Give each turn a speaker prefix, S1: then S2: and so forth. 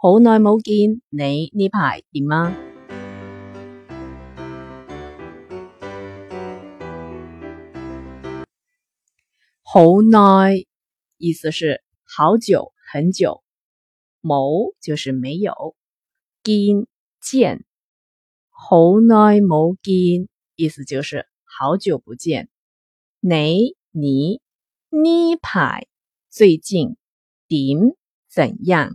S1: 好耐冇見你，你呢排點啊？好耐意思是好久很久，冇就是沒有見見，好耐冇見意思就是好久不見。你，你呢排最近點怎樣？